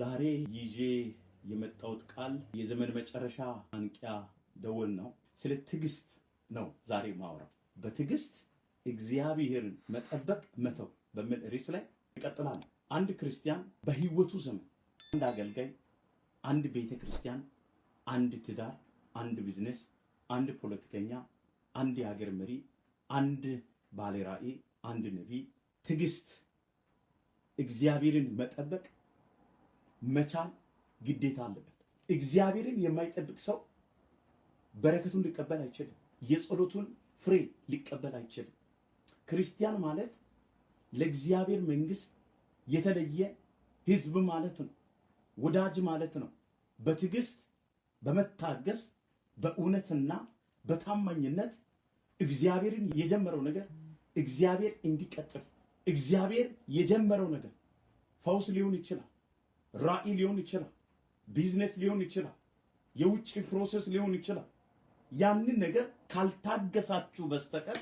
ዛሬ ይዤ የመጣሁት ቃል የዘመን መጨረሻ አንቂያ ደወል ነው። ስለ ትዕግስት ነው ዛሬ ማውራው። በትዕግስት እግዚአብሔርን መጠበቅ መተው በሚል ርዕስ ላይ ይቀጥላል። አንድ ክርስቲያን በህይወቱ ዘመን አንድ አገልጋይ፣ አንድ ቤተ ክርስቲያን፣ አንድ ትዳር፣ አንድ ቢዝነስ፣ አንድ ፖለቲከኛ አንድ የሀገር መሪ፣ አንድ ባለ ራዕይ፣ አንድ ነቢይ፣ ትዕግስት፣ እግዚአብሔርን መጠበቅ መቻል ግዴታ አለበት። እግዚአብሔርን የማይጠብቅ ሰው በረከቱን ሊቀበል አይችልም። የጸሎቱን ፍሬ ሊቀበል አይችልም። ክርስቲያን ማለት ለእግዚአብሔር መንግስት የተለየ ህዝብ ማለት ነው። ወዳጅ ማለት ነው። በትዕግስት በመታገስ በእውነትና በታማኝነት እግዚአብሔርን የጀመረው ነገር እግዚአብሔር እንዲቀጥል እግዚአብሔር የጀመረው ነገር ፈውስ ሊሆን ይችላል፣ ራዕይ ሊሆን ይችላል፣ ቢዝነስ ሊሆን ይችላል፣ የውጭ ፕሮሰስ ሊሆን ይችላል። ያንን ነገር ካልታገሳችሁ በስተቀር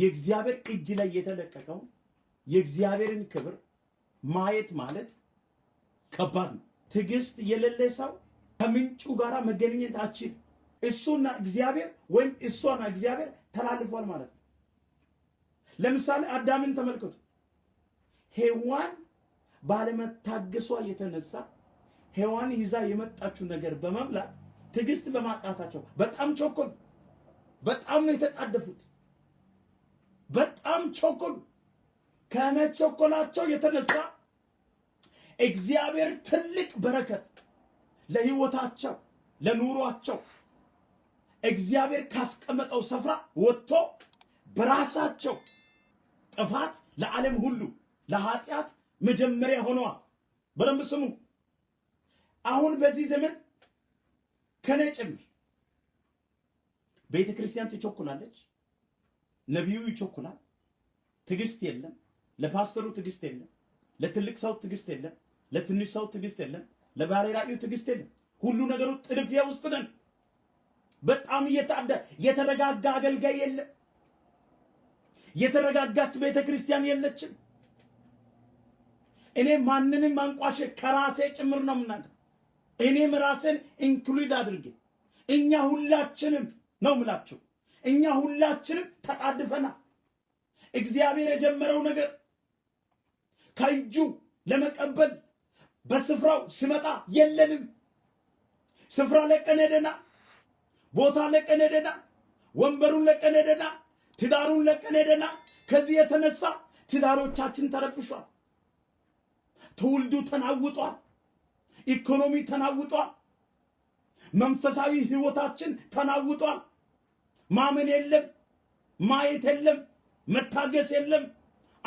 የእግዚአብሔር እጅ ላይ የተለቀቀውን የእግዚአብሔርን ክብር ማየት ማለት ከባድ ነው። ትዕግስት የሌለ ሰው ከምንጩ ጋራ መገናኘት አችል እሱና እግዚአብሔር ወይም እሷና እግዚአብሔር ተላልፏል ማለት ነው። ለምሳሌ አዳምን ተመልከቱ። ሔዋን ባለመታገሷ የተነሳ ሔዋን ይዛ የመጣችው ነገር በመብላት ትዕግስት በማጣታቸው በጣም ቸኮሉ። በጣም ነው የተጣደፉት። በጣም ቸኮሉ። ከመቸኮላቸው የተነሳ እግዚአብሔር ትልቅ በረከት ለህይወታቸው ለኑሯቸው እግዚአብሔር ካስቀመጠው ስፍራ ወጥቶ በራሳቸው ጥፋት ለዓለም ሁሉ ለኃጢአት መጀመሪያ ሆነዋል። በደንብ ስሙ። አሁን በዚህ ዘመን ከኔ ጭምር ቤተ ክርስቲያን ትቸኩላለች፣ ነቢዩ ይቸኩላል። ትዕግስት የለም። ለፓስተሩ ትዕግስት የለም። ለትልቅ ሰው ትዕግስት የለም። ለትንሽ ሰው ትዕግስት የለም። ለባሪራዩ ትዕግስት የለም። ሁሉ ነገሩ ጥድፊያ ውስጥ ነን። በጣም እየታደ የተረጋጋ አገልጋይ የለ፣ የተረጋጋች ቤተ ክርስቲያን የለችም። እኔ ማንንም አንቋሽ ከራሴ ጭምር ነው የምናገር። እኔም ራሴን ኢንክሉድ አድርጌ እኛ ሁላችንም ነው ምላችሁ፣ እኛ ሁላችንም ተጣድፈና እግዚአብሔር የጀመረው ነገር ከእጁ ለመቀበል በስፍራው ሲመጣ የለንም። ስፍራ ለቀን ሄደናል። ቦታ ለቀን ሄደና ወንበሩን ለቀን ሄደና ትዳሩን ለቀን ሄደና ከዚህ የተነሳ ትዳሮቻችን ተረብሿል። ትውልዱ ተናውጧል። ኢኮኖሚ ተናውጧል። መንፈሳዊ ህይወታችን ተናውጧል። ማመን የለም፣ ማየት የለም፣ መታገስ የለም።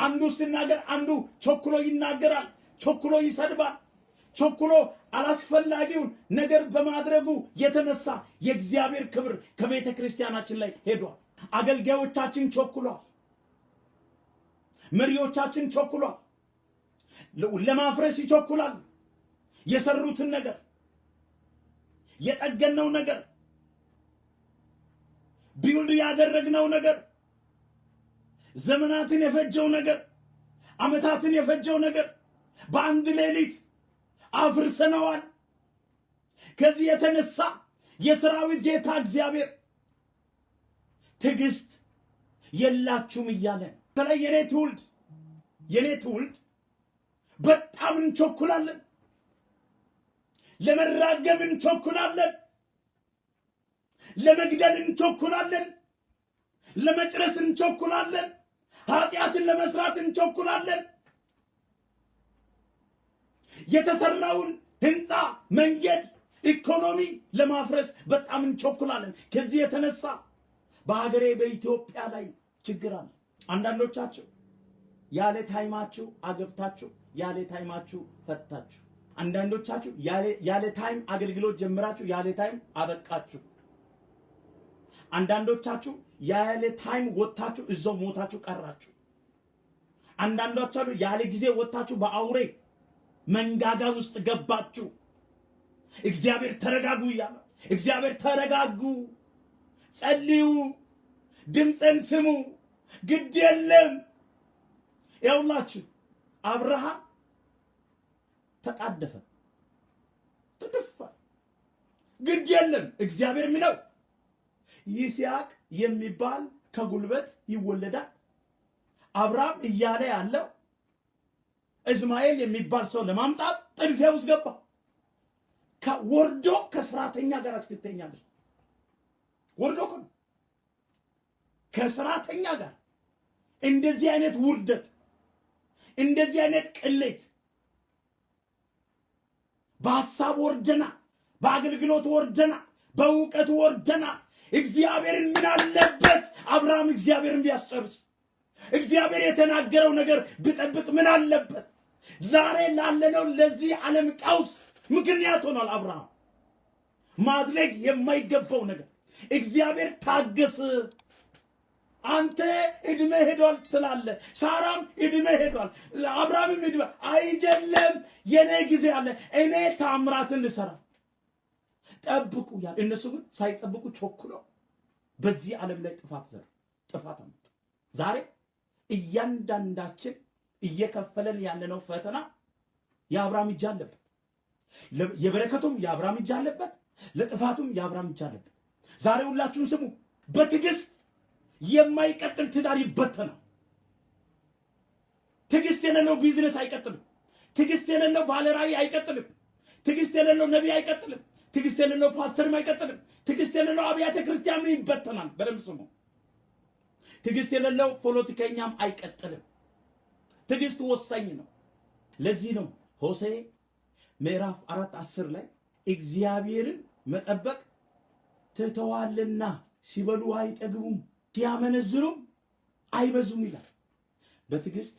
አንዱ ሲናገር አንዱ ቸኩሎ ይናገራል፣ ቸኩሎ ይሰድባል። ቸኩሎ አላስፈላጊውን ነገር በማድረጉ የተነሳ የእግዚአብሔር ክብር ከቤተ ክርስቲያናችን ላይ ሄዷል። አገልጋዮቻችን ቸኩሏል። መሪዎቻችን ቸኩሏል። ለማፍረስ ይቸኩላሉ። የሰሩትን ነገር የጠገነው ነገር ቢውልድ ያደረግነው ነገር ዘመናትን የፈጀው ነገር ዓመታትን የፈጀው ነገር በአንድ ሌሊት አፍርሰነዋል። ከዚህ የተነሳ የሰራዊት ጌታ እግዚአብሔር ትዕግስት የላችሁም እያለ በተለይ የኔ ትውልድ የኔ ትውልድ በጣም እንቸኩላለን፣ ለመራገም እንቸኩላለን፣ ለመግደል እንቸኩላለን፣ ለመጭረስ እንቸኩላለን፣ ኃጢአትን ለመስራት እንቸኩላለን። የተሰራውን ህንፃ፣ መንገድ፣ ኢኮኖሚ ለማፍረስ በጣም እንቸኩላለን። ከዚህ የተነሳ በሀገሬ በኢትዮጵያ ላይ ችግር አለ። አንዳንዶቻችሁ ያለ ታይማችሁ አገብታችሁ ያለ ታይማችሁ ፈታችሁ። አንዳንዶቻችሁ ያለ ታይም አገልግሎት ጀምራችሁ ያለ ታይም አበቃችሁ። አንዳንዶቻችሁ ያለ ታይም ወጥታችሁ እዛው ሞታችሁ ቀራችሁ። አንዳንዶቻችሁ ያለ ጊዜ ወጥታችሁ በአውሬ መንጋጋ ውስጥ ገባችሁ። እግዚአብሔር ተረጋጉ እያለ እግዚአብሔር ተረጋጉ፣ ጸልዩ፣ ድምፅን ስሙ፣ ግድ የለም ያውላችሁ። አብርሃም ተጣደፈ፣ ተደፋ፣ ግድ የለም እግዚአብሔር የሚለው ይስሐቅ የሚባል ከጉልበት ይወለዳል። አብርሃም እያለ ያለው እስማኤል የሚባል ሰው ለማምጣት ጥድፊያ ውስጥ ገባ። ወርዶ ከስራተኛ ጋር አስክተኛለች። ወርዶ እኮ ከስራተኛ ጋር እንደዚህ አይነት ውርደት፣ እንደዚህ አይነት ቅሌት፣ በሀሳብ ወርደና፣ በአገልግሎት ወርደና፣ በእውቀት ወርደና። እግዚአብሔርን ምን አለበት አብርሃም እግዚአብሔርን ቢያስጨርስ፣ እግዚአብሔር የተናገረው ነገር ቢጠብቅ ምን አለበት? ዛሬ ላለነው ለዚህ ዓለም ቀውስ ምክንያት ሆኗል። አብርሃም ማድረግ የማይገባው ነገር እግዚአብሔር ታገስ። አንተ እድሜ ሄዷል ትላለ፣ ሳራም እድሜ ሄዷል፣ አብርሃምም እድሜ አይደለም። የኔ ጊዜ አለ፣ እኔ ታምራትን ልሰራ ጠብቁ ያል። እነሱ ግን ሳይጠብቁ ቸኩለው በዚህ ዓለም ላይ ጥፋት ዘር ጥፋት አመጡ። ዛሬ እያንዳንዳችን እየከፈለን ያለነው ፈተና የአብርሃም እጅ አለበት። የበረከቱም የአብርሃም እጅ አለበት፣ ለጥፋቱም የአብርሃም እጅ አለበት። ዛሬ ሁላችሁም ስሙ። በትዕግስት የማይቀጥል ትዳር ይበተናል። ትዕግስት የሌለው ቢዝነስ አይቀጥልም። ትዕግስት የሌለው ባለራዕይ አይቀጥልም። ትዕግስት የሌለው ነቢይ አይቀጥልም። ትዕግስት የሌለው ፓስተርም አይቀጥልም። ትዕግስት የሌለው አብያተ ክርስቲያንም ይበተናል። በደምብ ስሙ። ትዕግስት የሌለው ፖለቲከኛም አይቀጥልም። ትዕግስት ወሳኝ ነው። ለዚህ ነው ሆሴ ምዕራፍ አራት አስር ላይ እግዚአብሔርን መጠበቅ ትተዋልና ሲበሉ አይጠግቡም፣ ሲያመነዝሩም አይበዙም ይላል። በትዕግስት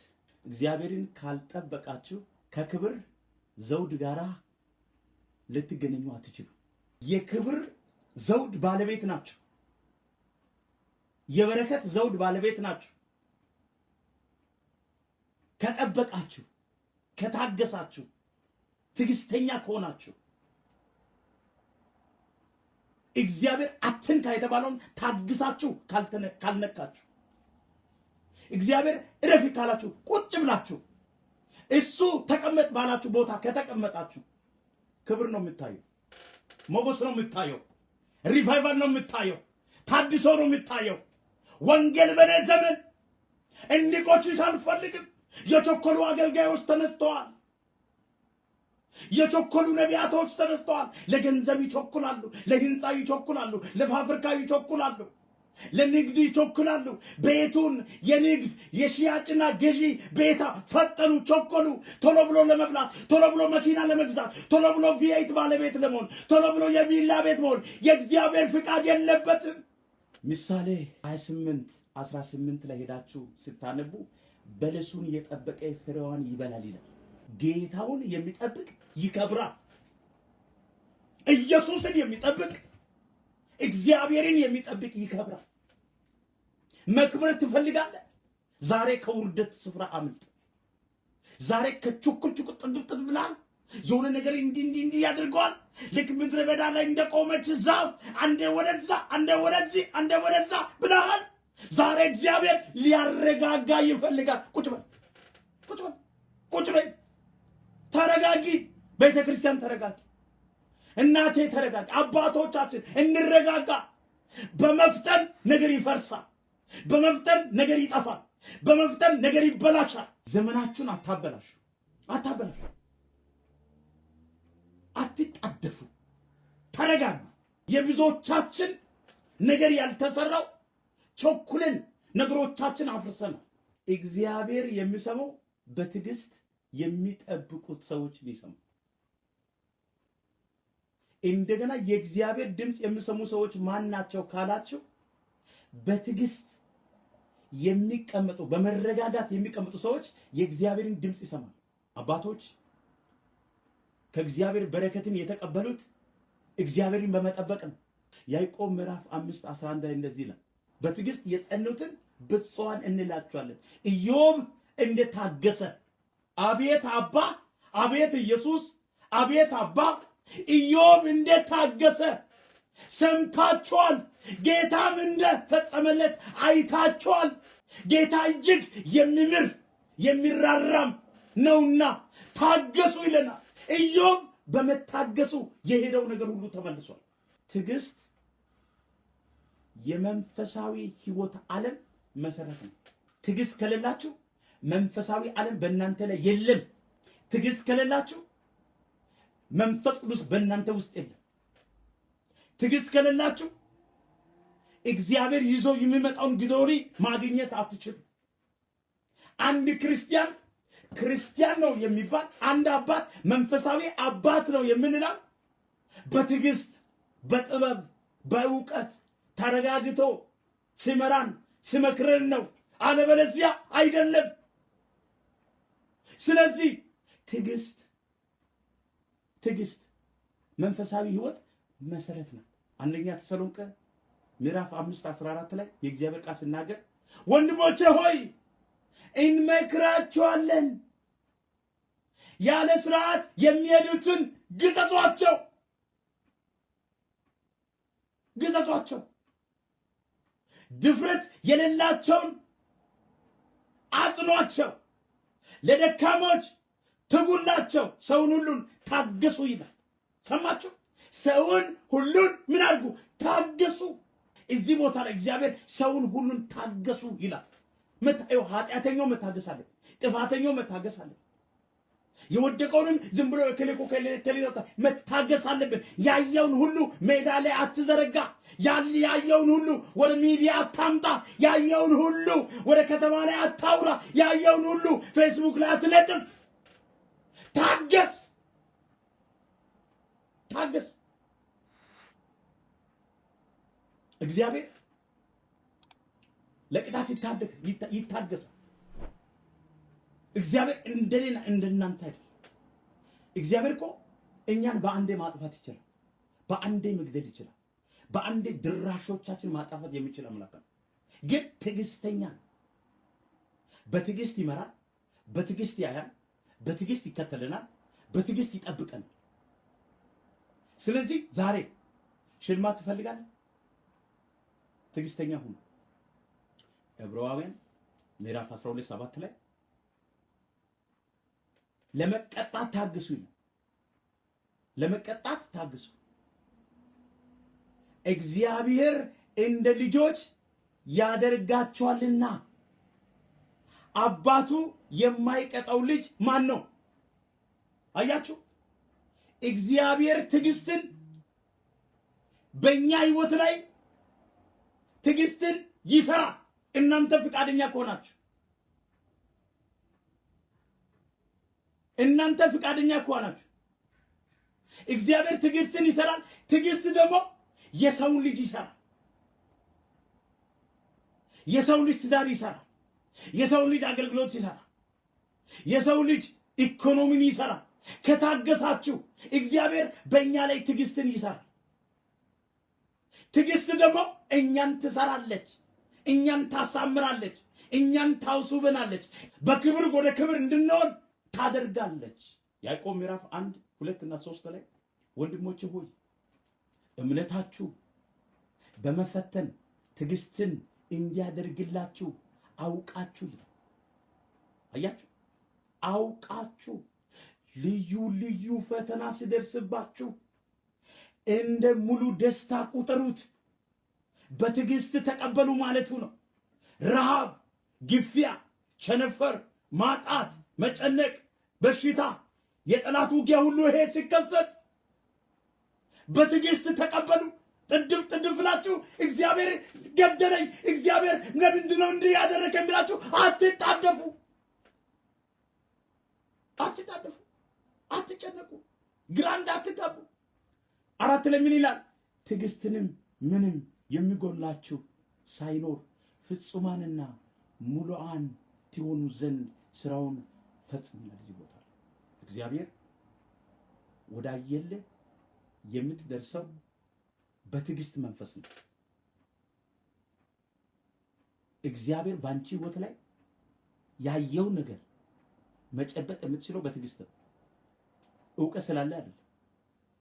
እግዚአብሔርን ካልጠበቃችሁ ከክብር ዘውድ ጋራ ልትገነኙ አትችሉ። የክብር ዘውድ ባለቤት ናችሁ። የበረከት ዘውድ ባለቤት ናችሁ። ከጠበቃችሁ፣ ከታገሳችሁ፣ ትዕግስተኛ ከሆናችሁ እግዚአብሔር አትንካ የተባለውን ታግሳችሁ ካልነካችሁ እግዚአብሔር እረፊ ካላችሁ ቁጭ ብላችሁ እሱ ተቀመጥ ባላችሁ ቦታ ከተቀመጣችሁ ክብር ነው የምታየው፣ ሞገስ ነው የምታየው፣ ሪቫይቫል ነው የምታየው፣ ታድሶ ነው የምታየው። ወንጌል በኔ ዘመን እንዲቆሽሽ አልፈልግም። የቸኮሉ አገልጋዮች ተነስተዋል። የቸኮሉ ነቢያቶች ተነስተዋል። ለገንዘብ ይቸኩላሉ፣ ለህንፃ ይቸኩላሉ፣ ለፋብሪካ ይቸኩላሉ፣ ለንግድ ይቸኩላሉ። ቤቱን የንግድ የሽያጭና ገዢ ቤታ ፈጠኑ፣ ቸኮሉ። ቶሎ ብሎ ለመብላት፣ ቶሎ ብሎ መኪና ለመግዛት፣ ቶሎ ብሎ ቪኤት ባለቤት ለመሆን፣ ቶሎ ብሎ የቪላ ቤት መሆን የእግዚአብሔር ፍቃድ የለበትም። ምሳሌ 28 18 ላይ ሄዳችሁ ስታነቡ በለሱን የጠበቀ ፍሬዋን ይበላል ይላል። ጌታውን የሚጠብቅ ይከብራል። ኢየሱስን የሚጠብቅ እግዚአብሔርን የሚጠብቅ ይከብራል። መክበር ትፈልጋለህ? ዛሬ ከውርደት ስፍራ አምልጥ። ዛሬ ከቹክቹክ ጥድብ ብላል። የሆነ ነገር እንዲህ እንዲህ እንዲህ ያደርገዋል። ልክ ምድረ በዳ ላይ እንደቆመች ዛፍ አንዴ ወደዛ አንዴ ወደዚህ አንዴ ወደዛ ብለሃል። ዛሬ እግዚአብሔር ሊያረጋጋ ይፈልጋል። ቁጭ በል ቁጭ በል ቁጭ በል ተረጋጊ። ቤተ ክርስቲያን ተረጋጊ። እናቴ ተረጋጊ። አባቶቻችን እንረጋጋ። በመፍጠን ነገር ይፈርሳል። በመፍጠን ነገር ይጠፋል። በመፍጠን ነገር ይበላሻል። ዘመናችሁን አታበላሹ፣ አታበላሹ፣ አትጣደፉ፣ ተረጋጉ። የብዙዎቻችን ነገር ያልተሰራው ቸኩለን ነገሮቻችን አፍርሰናል። እግዚአብሔር የሚሰማው በትዕግስት የሚጠብቁት ሰዎች ሊሰማ እንደገና የእግዚአብሔር ድምፅ የሚሰሙ ሰዎች ማን ናቸው ካላችሁ፣ በትዕግስት የሚቀመጡ በመረጋጋት የሚቀመጡ ሰዎች የእግዚአብሔርን ድምፅ ይሰማል። አባቶች ከእግዚአብሔር በረከትን የተቀበሉት እግዚአብሔርን በመጠበቅ ነው። ያዕቆብ ምዕራፍ አምስት አስራ አንድ ላይ እንደዚህ ይላል በትዕግስት የጸኑትን ብፁዓን እንላቸዋለን። ኢዮብ እንደታገሰ አቤት አባ፣ አቤት ኢየሱስ፣ አቤት አባ። ኢዮብ እንደታገሰ ሰምታችኋል። ጌታም እንደፈጸመለት አይታችኋል። ጌታ እጅግ የሚምር የሚራራም ነውና ታገሱ ይለናል። ኢዮብ በመታገሱ የሄደው ነገር ሁሉ ተመልሷል። ትዕግስት የመንፈሳዊ ህይወት ዓለም መሰረት ነው። ትዕግስት ከሌላችሁ መንፈሳዊ ዓለም በእናንተ ላይ የለም። ትዕግስት ከሌላችሁ መንፈስ ቅዱስ በእናንተ ውስጥ የለም። ትዕግስት ከሌላችሁ እግዚአብሔር ይዞ የሚመጣውን ግዶሪ ማግኘት አትችሉ። አንድ ክርስቲያን ክርስቲያን ነው የሚባል አንድ አባት መንፈሳዊ አባት ነው የምንለው በትዕግስት፣ በጥበብ፣ በእውቀት ተረጋግቶ ሲመራን ሲመክረን ነው። አለበለዚያ አይደለም። ስለዚህ ትዕግስት ትዕግስት መንፈሳዊ ህይወት መሰረት ነው። አንደኛ ተሰሎንቀ ምዕራፍ 5 14 ላይ የእግዚአብሔር ቃል ስናገር ወንድሞቼ ሆይ እንመክራቸዋለን፣ ያለ ስርዓት የሚሄዱትን ግጸጿቸው ግጸጿቸው ድፍረት የሌላቸውን አጽኗቸው፣ ለደካሞች ትጉላቸው፣ ሰውን ሁሉን ታገሱ ይላል። ሰማችሁ? ሰውን ሁሉን ምን አድርጉ? ታገሱ። እዚህ ቦታ ላይ እግዚአብሔር ሰውን ሁሉን ታገሱ ይላል። ኃጢአተኛው መታገስ አለ፣ ጥፋተኛው መታገስ አለ። የወደቀውንም ዝም ብሎ ክልኩ መታገስ አለብን። ያየውን ሁሉ ሜዳ ላይ አትዘረጋ። ያየውን ሁሉ ወደ ሚዲያ አታምጣ። ያየውን ሁሉ ወደ ከተማ ላይ አታውራ። ያየውን ሁሉ ፌስቡክ ላይ አትለጥፍ። ታገስ፣ ታገስ። እግዚአብሔር ለቅጣት ይታገሳል። እግዚአብሔር እንደሌላ እንደናንተ አይደል። እግዚአብሔር እኮ እኛን በአንዴ ማጥፋት ይችላል። በአንዴ መግደል ይችላል። በአንዴ ድራሾቻችን ማጣፋት የሚችል አምላክ ነው። ግን ትዕግስተኛ በትዕግስት ይመራል፣ በትዕግስት ያያል፣ በትዕግስት ይከተለናል፣ በትዕግስት ይጠብቀናል። ስለዚህ ዛሬ ሽልማት ትፈልጋለህ? ትዕግስተኛ ሁኑ። ዕብራውያን ምዕራፍ 12 7 ላይ ለመቀጣት ታግሱ ይላል። ለመቀጣት ታግሱ። እግዚአብሔር እንደ ልጆች ያደርጋቸዋልና። አባቱ የማይቀጣው ልጅ ማን ነው? አያችሁ፣ እግዚአብሔር ትዕግስትን በእኛ ህይወት ላይ ትዕግስትን ይሰራ። እናንተ ፈቃደኛ ከሆናችሁ እናንተ ፍቃደኛ ከሆናችሁ እግዚአብሔር ትዕግስትን ይሰራል። ትዕግስት ደግሞ የሰውን ልጅ ይሰራል። የሰውን ልጅ ትዳር ይሰራል። የሰውን ልጅ አገልግሎት ይሰራል። የሰው ልጅ ኢኮኖሚን ይሰራል። ከታገሳችሁ እግዚአብሔር በእኛ ላይ ትዕግስትን ይሰራል። ትዕግስት ደግሞ እኛን ትሰራለች፣ እኛን ታሳምራለች፣ እኛን ታውሱብናለች። በክብር ወደ ክብር እንድንሆን ታደርጋለች። ያዕቆብ ምዕራፍ አንድ ሁለት እና ሶስት ላይ ወንድሞች ሆይ እምነታችሁ በመፈተን ትዕግስትን እንዲያደርግላችሁ አውቃችሁ አያችሁ አውቃችሁ ልዩ ልዩ ፈተና ሲደርስባችሁ እንደ ሙሉ ደስታ ቁጥሩት! በትዕግስት ተቀበሉ ማለቱ ነው። ረሃብ፣ ግፊያ፣ ቸነፈር ማጣት፣ መጨነቅ፣ በሽታ፣ የጠላት ውጊያ ሁሉ ይሄ ሲከሰት በትዕግስት ተቀበሉ። ጥድፍ ጥድፍ ብላችሁ እግዚአብሔር ገደለኝ፣ እግዚአብሔር ለምንድን ነው እንዲህ ያደረገ የሚላችሁ አትጣደፉ፣ አትጣደፉ፣ አትጨነቁ፣ ግራ እንዳትጋቡ። አራት ለምን ይላል ትዕግስትንም ምንም የሚጎላችሁ ሳይኖር ፍጹማንና ሙሉአን ትሆኑ ዘንድ ስራውን ፈጽመናል። እዚህ ቦታ እግዚአብሔር ወዳየለ የምትደርሰው በትዕግስት መንፈስ ነው። እግዚአብሔር በአንቺ ህይወት ላይ ያየው ነገር መጨበጥ የምትችለው በትዕግስት ነው። እውቀት ስላለ አይደል፣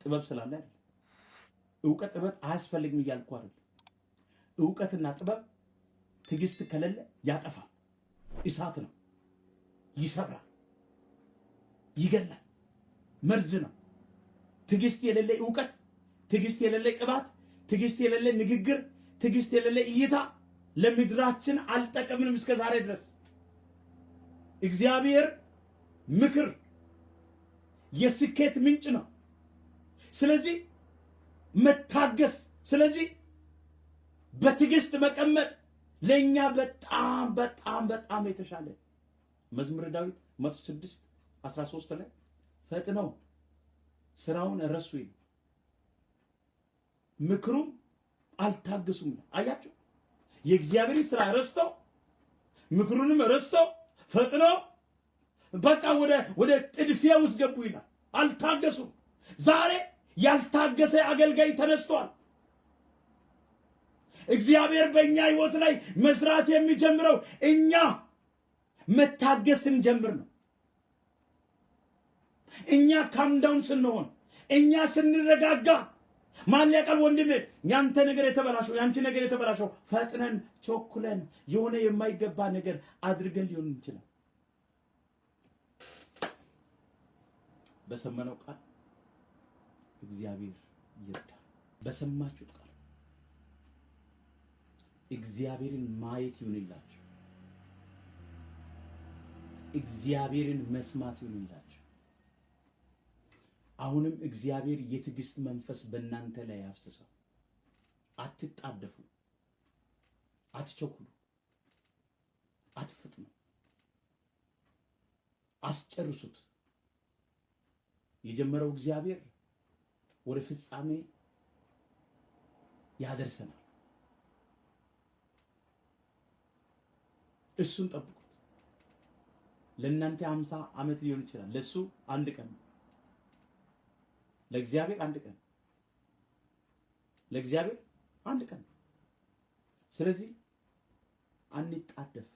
ጥበብ ስላለ አይደል። እውቀት ጥበብ አያስፈልግም እያልኩ አይደል። እውቀትና ጥበብ ትዕግስት ከሌለ ያጠፋል፣ እሳት ነው። ይሰብራል ይገላል፣ መርዝ ነው። ትዕግስት የሌለ እውቀት፣ ትዕግስት የሌለ ቅባት፣ ትዕግስት የሌለ ንግግር፣ ትዕግስት የሌለ እይታ ለምድራችን አልጠቀምንም እስከ ዛሬ ድረስ። እግዚአብሔር ምክር የስኬት ምንጭ ነው። ስለዚህ መታገስ፣ ስለዚህ በትዕግስት መቀመጥ ለእኛ በጣም በጣም በጣም የተሻለ መዝሙረ ዳዊት 106 13 ላይ ፈጥነው ስራውን ረሱ ይላል። ምክሩም አልታገሱም አያችሁ የእግዚአብሔርን ስራ ረስተው ምክሩንም ረስተው ፈጥነው በቃ ወደ ወደ ጥድፊያ ውስጥ ገቡ ይላል። አልታገሱም። ዛሬ ያልታገሰ አገልጋይ ተነስቷል። እግዚአብሔር በእኛ ህይወት ላይ መስራት የሚጀምረው እኛ መታገስ ስንጀምር ነው። እኛ ካምዳውን ስንሆን፣ እኛ ስንረጋጋ ማን ያውቃል ወንድሜ፣ ያንተ ነገር የተበላሸው ያንቺ ነገር የተበላሸው ፈጥነን ቸኩለን የሆነ የማይገባ ነገር አድርገን ሊሆን እንችላል። በሰመነው ቃል እግዚአብሔር ይርዳ። በሰማችሁት ቃል እግዚአብሔርን ማየት ይሁንላችሁ። እግዚአብሔርን መስማት ይሁንላችሁ። አሁንም እግዚአብሔር የትዕግስት መንፈስ በእናንተ ላይ ያፍስሰው። አትጣደፉ፣ አትቸኩሉ፣ አትፍጥኑ፣ አስጨርሱት። የጀመረው እግዚአብሔር ወደ ፍጻሜ ያደርሰናል። እሱን ጠብቁ። ለእናንተ 50 ዓመት ሊሆን ይችላል። ለሱ አንድ ቀን ለእግዚአብሔር አንድ ቀን ለእግዚአብሔር አንድ ቀን። ስለዚህ አንጣደፍ።